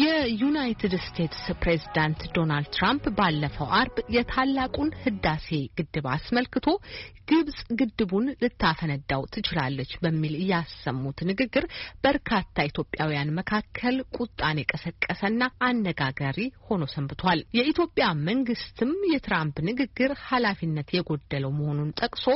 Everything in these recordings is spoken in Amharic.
የዩናይትድ ስቴትስ ፕሬዝዳንት ዶናልድ ትራምፕ ባለፈው አርብ የታላቁን ህዳሴ ግድብ አስመልክቶ ግብጽ ግድቡን ልታፈነዳው ትችላለች በሚል ያሰሙት ንግግር በርካታ ኢትዮጵያውያን መካከል ቁጣን የቀሰቀሰና አነጋጋሪ ሆኖ ሰንብቷል። የኢትዮጵያ መንግስትም የትራምፕ ንግግር ኃላፊነት የጎደለው መሆኑን ጠቅሶ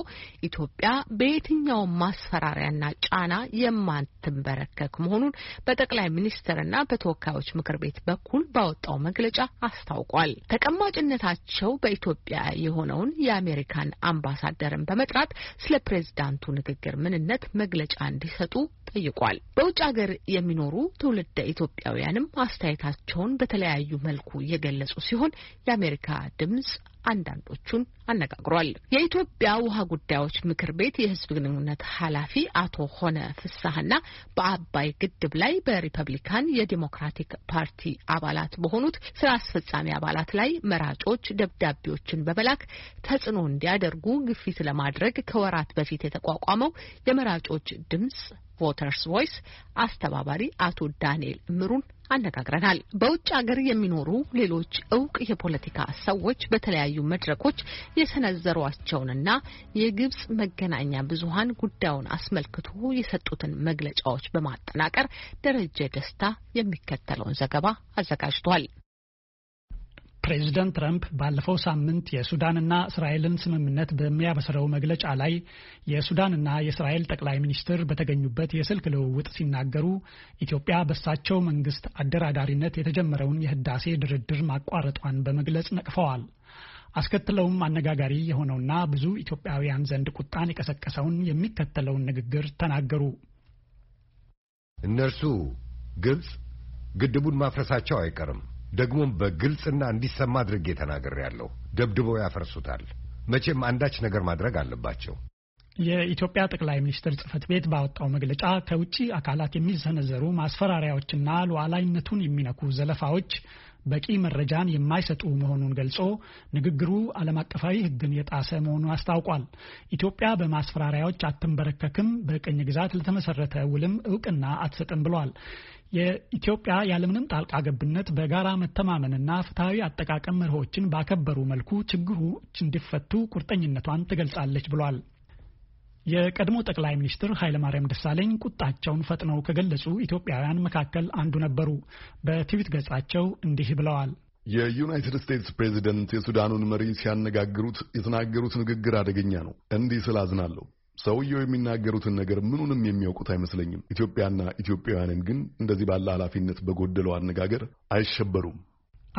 ኢትዮጵያ በየትኛውም ማስፈራሪያና ጫና የማትንበረከክ መሆኑን በጠቅላይ ሚኒስትርና በተወካዮች ተወካዮች ምክር ቤት በኩል ባወጣው መግለጫ አስታውቋል። ተቀማጭነታቸው በኢትዮጵያ የሆነውን የአሜሪካን አምባሳደርን በመጥራት ስለ ፕሬዝዳንቱ ንግግር ምንነት መግለጫ እንዲሰጡ ጠይቋል። በውጭ ሀገር የሚኖሩ ትውልደ ኢትዮጵያውያንም አስተያየታቸውን በተለያዩ መልኩ የገለጹ ሲሆን የአሜሪካ ድምጽ አንዳንዶቹን አነጋግሯል። የኢትዮጵያ ውሃ ጉዳዮች ምክር ቤት የህዝብ ግንኙነት ኃላፊ አቶ ሆነ ፍሳህና በአባይ ግድብ ላይ በሪፐብሊካን የዲሞክራቲክ ፓርቲ አባላት በሆኑት ስራ አስፈጻሚ አባላት ላይ መራጮች ደብዳቤዎችን በመላክ ተጽዕኖ እንዲያደርጉ ግፊት ለማድረግ ከወራት በፊት የተቋቋመው የመራጮች ድምጽ ቮተርስ ቮይስ አስተባባሪ አቶ ዳንኤል እምሩን አነጋግረናል። በውጭ ሀገር የሚኖሩ ሌሎች እውቅ የፖለቲካ ሰዎች በተለያዩ መድረኮች የሰነዘሯቸውንና የግብጽ መገናኛ ብዙኃን ጉዳዩን አስመልክቶ የሰጡትን መግለጫዎች በማጠናቀር ደረጀ ደስታ የሚከተለውን ዘገባ አዘጋጅቷል። ፕሬዚደንት ትረምፕ ባለፈው ሳምንት የሱዳንና እስራኤልን ስምምነት በሚያበስረው መግለጫ ላይ የሱዳንና የእስራኤል ጠቅላይ ሚኒስትር በተገኙበት የስልክ ልውውጥ ሲናገሩ ኢትዮጵያ በሳቸው መንግስት አደራዳሪነት የተጀመረውን የህዳሴ ድርድር ማቋረጧን በመግለጽ ነቅፈዋል። አስከትለውም አነጋጋሪ የሆነውና ብዙ ኢትዮጵያውያን ዘንድ ቁጣን የቀሰቀሰውን የሚከተለውን ንግግር ተናገሩ። እነርሱ ግብፅ ግድቡን ማፍረሳቸው አይቀርም ደግሞም በግልጽና እንዲሰማ አድርጌ ተናግሬያለሁ። ደብድበው ያፈርሱታል። መቼም አንዳች ነገር ማድረግ አለባቸው። የኢትዮጵያ ጠቅላይ ሚኒስትር ጽህፈት ቤት ባወጣው መግለጫ ከውጭ አካላት የሚሰነዘሩ ማስፈራሪያዎችና ሉዓላዊነቱን የሚነኩ ዘለፋዎች በቂ መረጃን የማይሰጡ መሆኑን ገልጾ ንግግሩ ዓለም አቀፋዊ ሕግን የጣሰ መሆኑን አስታውቋል። ኢትዮጵያ በማስፈራሪያዎች አትንበረከክም፣ በቅኝ ግዛት ለተመሰረተ ውልም እውቅና አትሰጥም ብሏል። የኢትዮጵያ ያለምንም ጣልቃ ገብነት በጋራ መተማመንና ፍትሐዊ አጠቃቀም መርሆችን ባከበሩ መልኩ ችግሮች እንዲፈቱ ቁርጠኝነቷን ትገልጻለች ብሏል። የቀድሞ ጠቅላይ ሚኒስትር ኃይለማርያም ደሳለኝ ቁጣቸውን ፈጥነው ከገለጹ ኢትዮጵያውያን መካከል አንዱ ነበሩ። በትዊት ገጻቸው እንዲህ ብለዋል። የዩናይትድ ስቴትስ ፕሬዚደንት የሱዳኑን መሪ ሲያነጋግሩት የተናገሩት ንግግር አደገኛ ነው። እንዲህ ስል አዝናለሁ። ሰውየው የሚናገሩትን ነገር ምኑንም የሚያውቁት አይመስለኝም። ኢትዮጵያና ኢትዮጵያውያንን ግን እንደዚህ ባለ ኃላፊነት በጎደለው አነጋገር አይሸበሩም።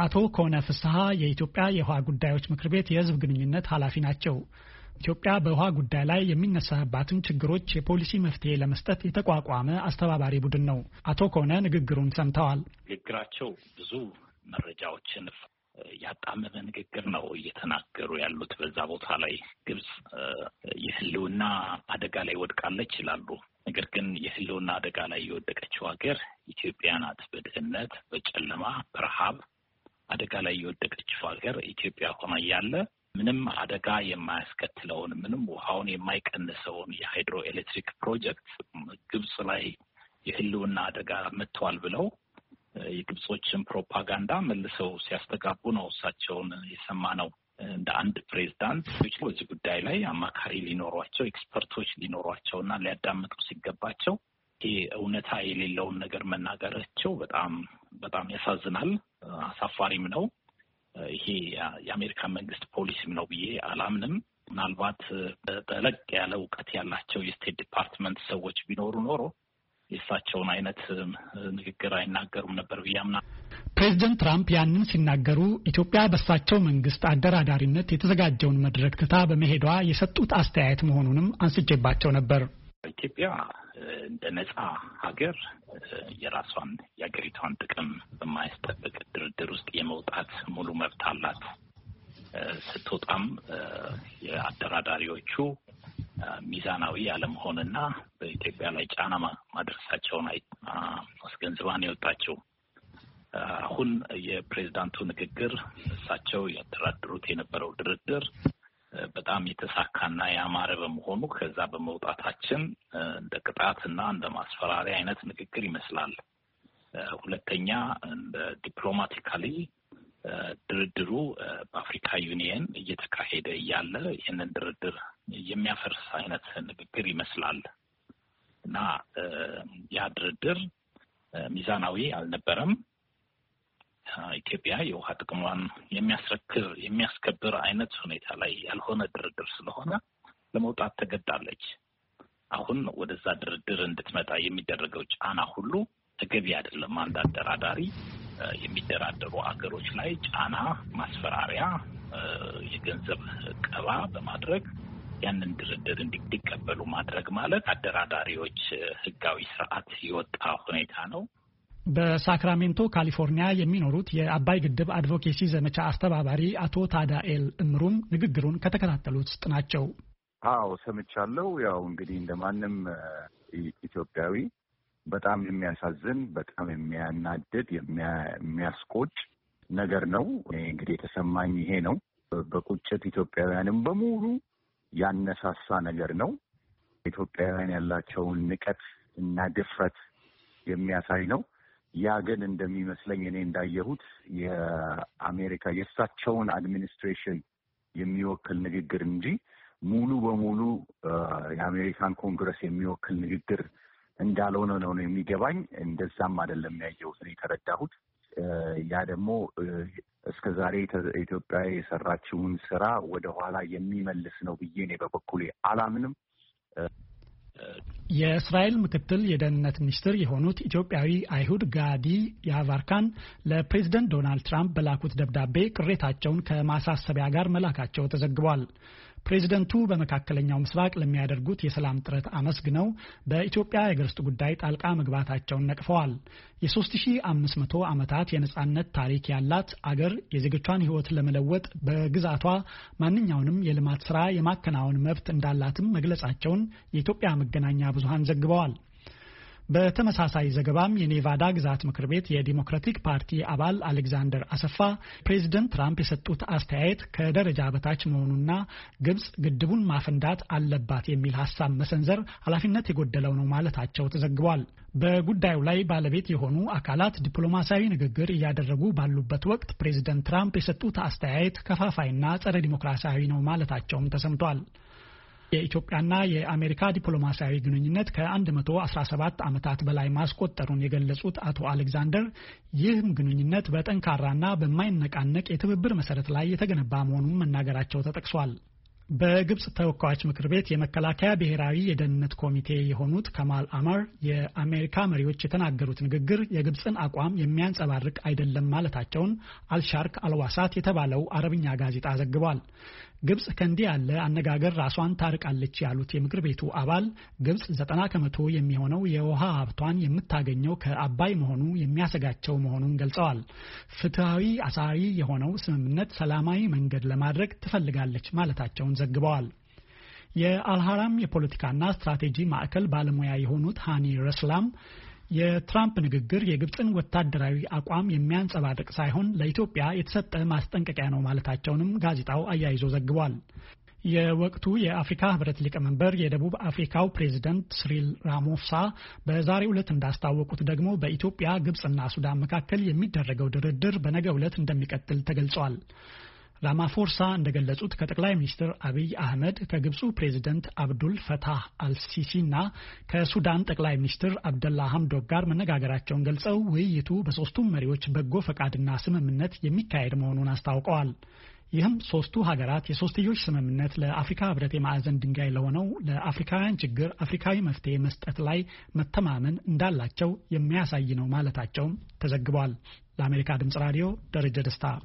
አቶ ከሆነ ፍስሐ የኢትዮጵያ የውሃ ጉዳዮች ምክር ቤት የህዝብ ግንኙነት ኃላፊ ናቸው። ኢትዮጵያ በውሃ ጉዳይ ላይ የሚነሳባትን ችግሮች የፖሊሲ መፍትሄ ለመስጠት የተቋቋመ አስተባባሪ ቡድን ነው። አቶ ከሆነ ንግግሩን ሰምተዋል። ንግግራቸው ብዙ መረጃዎችን ያጣመመ ንግግር ነው እየተናገሩ ያሉት። በዛ ቦታ ላይ ግብጽ የህልውና አደጋ ላይ ወድቃለች ይላሉ። ነገር ግን የህልውና አደጋ ላይ የወደቀችው ሀገር ኢትዮጵያ ናት። በድህነት፣ በጨለማ፣ በረሃብ አደጋ ላይ የወደቀችው ሀገር ኢትዮጵያ ሆና እያለ ምንም አደጋ የማያስከትለውን ምንም ውሃውን የማይቀንሰውን የሃይድሮ ኤሌክትሪክ ፕሮጀክት ግብፅ ላይ የህልውና አደጋ መጥተዋል ብለው የግብጾችን ፕሮፓጋንዳ መልሰው ሲያስተጋቡ ነው እሳቸውን የሰማ ነው። እንደ አንድ ፕሬዚዳንት በዚህ ጉዳይ ላይ አማካሪ ሊኖሯቸው፣ ኤክስፐርቶች ሊኖሯቸው እና ሊያዳምጡ ሲገባቸው ይሄ እውነታ የሌለውን ነገር መናገራቸው በጣም በጣም ያሳዝናል፣ አሳፋሪም ነው። ይሄ የአሜሪካ መንግስት ፖሊሲም ነው ብዬ አላምንም። ምናልባት ጠለቅ ያለ እውቀት ያላቸው የስቴት ዲፓርትመንት ሰዎች ቢኖሩ ኖሮ የእሳቸውን አይነት ንግግር አይናገሩም ነበር ብዬ አምናለሁ። ፕሬዚደንት ትራምፕ ያንን ሲናገሩ ኢትዮጵያ በእሳቸው መንግስት አደራዳሪነት የተዘጋጀውን መድረክ ትታ በመሄዷ የሰጡት አስተያየት መሆኑንም አንስቼባቸው ነበር። ኢትዮጵያ እንደ ነጻ ሀገር የራሷን የሀገሪቷን ጥቅም በማያስጠብቅ ድርድር ውስጥ የመውጣት ሙሉ መብት አላት። ስትወጣም የአደራዳሪዎቹ ሚዛናዊ ያለመሆንና በኢትዮጵያ ላይ ጫና ማድረሳቸውን አስገንዝባን የወጣቸው። አሁን የፕሬዚዳንቱ ንግግር እሳቸው ያደራድሩት የነበረው ድርድር በጣም የተሳካና ያማረ በመሆኑ ከዛ በመውጣታችን እንደ ቅጣትና እንደ ማስፈራሪያ አይነት ንግግር ይመስላል። ሁለተኛ እንደ ዲፕሎማቲካሊ ድርድሩ በአፍሪካ ዩኒየን እየተካሄደ እያለ ይህንን ድርድር የሚያፈርስ አይነት ንግግር ይመስላል እና ያ ድርድር ሚዛናዊ አልነበረም። ኢትዮጵያ የውሃ ጥቅሟን የሚያስረክብ የሚያስከብር አይነት ሁኔታ ላይ ያልሆነ ድርድር ስለሆነ ለመውጣት ተገዳለች። አሁን ወደዛ ድርድር እንድትመጣ የሚደረገው ጫና ሁሉ ተገቢ አይደለም። አንድ አደራዳሪ የሚደራደሩ አገሮች ላይ ጫና፣ ማስፈራሪያ፣ የገንዘብ ቀባ በማድረግ ያንን ድርድር እንዲቀበሉ ማድረግ ማለት አደራዳሪዎች ሕጋዊ ስርዓት የወጣ ሁኔታ ነው። በሳክራሜንቶ ካሊፎርኒያ የሚኖሩት የአባይ ግድብ አድቮኬሲ ዘመቻ አስተባባሪ አቶ ታዳኤል እምሩም ንግግሩን ከተከታተሉት ውስጥ ናቸው። አዎ ሰምቻለሁ። ያው እንግዲህ እንደ ማንም ኢትዮጵያዊ በጣም የሚያሳዝን በጣም የሚያናድድ የሚያስቆጭ ነገር ነው። እንግዲህ የተሰማኝ ይሄ ነው። በቁጭት ኢትዮጵያውያንም በሙሉ ያነሳሳ ነገር ነው። ኢትዮጵያውያን ያላቸውን ንቀት እና ድፍረት የሚያሳይ ነው። ያ ግን እንደሚመስለኝ እኔ እንዳየሁት የአሜሪካ የእሳቸውን አድሚኒስትሬሽን የሚወክል ንግግር እንጂ ሙሉ በሙሉ የአሜሪካን ኮንግረስ የሚወክል ንግግር እንዳልሆነ ነው ነው የሚገባኝ። እንደዛም አይደለም ያየሁት እኔ የተረዳሁት። ያ ደግሞ እስከ ዛሬ ኢትዮጵያ የሰራችውን ስራ ወደኋላ የሚመልስ ነው ብዬ እኔ በበኩሌ አላምንም። የእስራኤል ምክትል የደህንነት ሚኒስትር የሆኑት ኢትዮጵያዊ አይሁድ ጋዲ ያቫርካን ለፕሬዝደንት ዶናልድ ትራምፕ በላኩት ደብዳቤ ቅሬታቸውን ከማሳሰቢያ ጋር መላካቸው ተዘግቧል። ፕሬዚደንቱ በመካከለኛው ምስራቅ ለሚያደርጉት የሰላም ጥረት አመስግነው በኢትዮጵያ የአገር ውስጥ ጉዳይ ጣልቃ መግባታቸውን ነቅፈዋል። የ3500 ዓመታት የነጻነት ታሪክ ያላት አገር የዜጎቿን ሕይወት ለመለወጥ በግዛቷ ማንኛውንም የልማት ስራ የማከናወን መብት እንዳላትም መግለጻቸውን የኢትዮጵያ መገናኛ ብዙሃን ዘግበዋል። በተመሳሳይ ዘገባም የኔቫዳ ግዛት ምክር ቤት የዲሞክራቲክ ፓርቲ አባል አሌግዛንደር አሰፋ ፕሬዚደንት ትራምፕ የሰጡት አስተያየት ከደረጃ በታች መሆኑና ግብጽ ግድቡን ማፈንዳት አለባት የሚል ሀሳብ መሰንዘር ኃላፊነት የጎደለው ነው ማለታቸው ተዘግቧል። በጉዳዩ ላይ ባለቤት የሆኑ አካላት ዲፕሎማሲያዊ ንግግር እያደረጉ ባሉበት ወቅት ፕሬዚደንት ትራምፕ የሰጡት አስተያየት ከፋፋይና ጸረ ዲሞክራሲያዊ ነው ማለታቸውም ተሰምቷል። የኢትዮጵያና የአሜሪካ ዲፕሎማሲያዊ ግንኙነት ከ117 ዓመታት በላይ ማስቆጠሩን የገለጹት አቶ አሌክዛንደር ይህም ግንኙነት በጠንካራና በማይነቃነቅ የትብብር መሰረት ላይ የተገነባ መሆኑን መናገራቸው ተጠቅሷል። በግብፅ ተወካዮች ምክር ቤት የመከላከያ ብሔራዊ የደህንነት ኮሚቴ የሆኑት ከማል አማር የአሜሪካ መሪዎች የተናገሩት ንግግር የግብፅን አቋም የሚያንጸባርቅ አይደለም ማለታቸውን አልሻርክ አልዋሳት የተባለው አረብኛ ጋዜጣ ዘግቧል። ግብጽ ከእንዲህ ያለ አነጋገር ራሷን ታርቃለች ያሉት የምክር ቤቱ አባል ግብጽ ዘጠና ከመቶ የሚሆነው የውሃ ሀብቷን የምታገኘው ከአባይ መሆኑ የሚያሰጋቸው መሆኑን ገልጸዋል። ፍትሐዊ አሳሪ የሆነው ስምምነት ሰላማዊ መንገድ ለማድረግ ትፈልጋለች ማለታቸውን ዘግበዋል። የአልሃራም የፖለቲካና ስትራቴጂ ማዕከል ባለሙያ የሆኑት ሃኒ ረስላም የትራምፕ ንግግር የግብፅን ወታደራዊ አቋም የሚያንጸባርቅ ሳይሆን ለኢትዮጵያ የተሰጠ ማስጠንቀቂያ ነው ማለታቸውንም ጋዜጣው አያይዞ ዘግቧል። የወቅቱ የአፍሪካ ህብረት ሊቀመንበር የደቡብ አፍሪካው ፕሬዚደንት ስሪል ራሞሳ በዛሬው ዕለት እንዳስታወቁት ደግሞ በኢትዮጵያ ግብፅና ሱዳን መካከል የሚደረገው ድርድር በነገ ዕለት እንደሚቀጥል ተገልጿል። ራማፎርሳ እንደገለጹት ከጠቅላይ ሚኒስትር አብይ አህመድ ከግብፁ ፕሬዚደንት አብዱል ፈታህ አልሲሲ እና ከሱዳን ጠቅላይ ሚኒስትር አብደላ ሀምዶክ ጋር መነጋገራቸውን ገልጸው ውይይቱ በሶስቱም መሪዎች በጎ ፈቃድና ስምምነት የሚካሄድ መሆኑን አስታውቀዋል። ይህም ሶስቱ ሀገራት የሶስትዮሽ ስምምነት ለአፍሪካ ህብረት የማዕዘን ድንጋይ ለሆነው ለአፍሪካውያን ችግር አፍሪካዊ መፍትሄ መስጠት ላይ መተማመን እንዳላቸው የሚያሳይ ነው ማለታቸውም ተዘግቧል። ለአሜሪካ ድምጽ ራዲዮ ደረጀ ደስታ